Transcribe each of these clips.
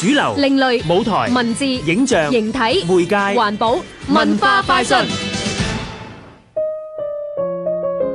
主流另類：舞台、文字、影像、形體、媒介、環保、文化、快訊。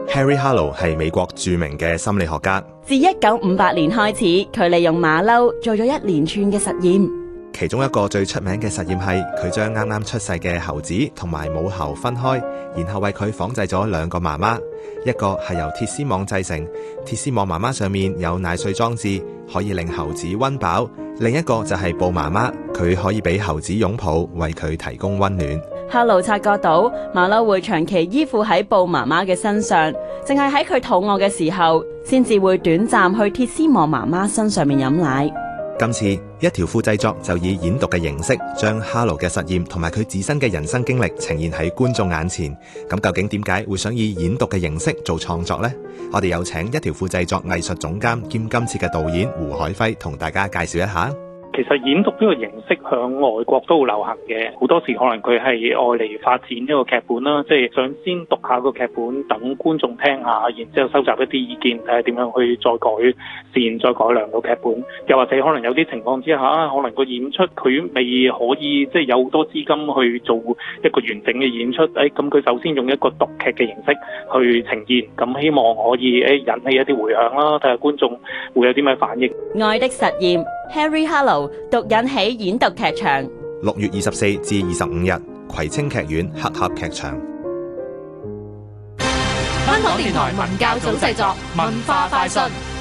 Harry Harlow 係美國著名嘅心理學家。自一九五八年開始，佢利用馬騮做咗一連串嘅實驗。其中一個最出名嘅實驗係，佢將啱啱出世嘅猴子同埋母猴分開，然後為佢仿製咗兩個媽媽，一個係由鐵絲網製成，鐵絲網媽媽上面有奶水裝置，可以令猴子溫飽；另一個就係布媽媽，佢可以俾猴子擁抱，為佢提供溫暖。哈魯察覺到馬騮會長期依附喺布媽媽嘅身上，淨係喺佢肚餓嘅時候，先至會短暫去鐵絲網媽媽身上面飲奶。今次。一條褲製作就以演讀嘅形式，將哈羅嘅實驗同埋佢自身嘅人生經歷呈現喺觀眾眼前。咁究竟點解會想以演讀嘅形式做創作呢？我哋有請一條褲製作藝術總監兼今次嘅導演胡海輝同大家介紹一下。其實演讀呢個形式向外國都好流行嘅，好多時可能佢係外嚟發展呢個劇本啦，即係想先讀下個劇本，等觀眾聽下，然之後收集一啲意見，睇下點樣去再改善、再改良到劇本。又或者可能有啲情況之下，可能個演出佢未可以即係有好多資金去做一個完整嘅演出，誒咁佢首先用一個讀劇嘅形式去呈現，咁希望可以誒引起一啲回響啦，睇下觀眾會有啲咩反應，《愛的實驗》。Harry Hello 獨引起演讀劇場，六月二十四至二十五日，葵青劇院黑盒劇場。香港電台文教組製作，文化快訊。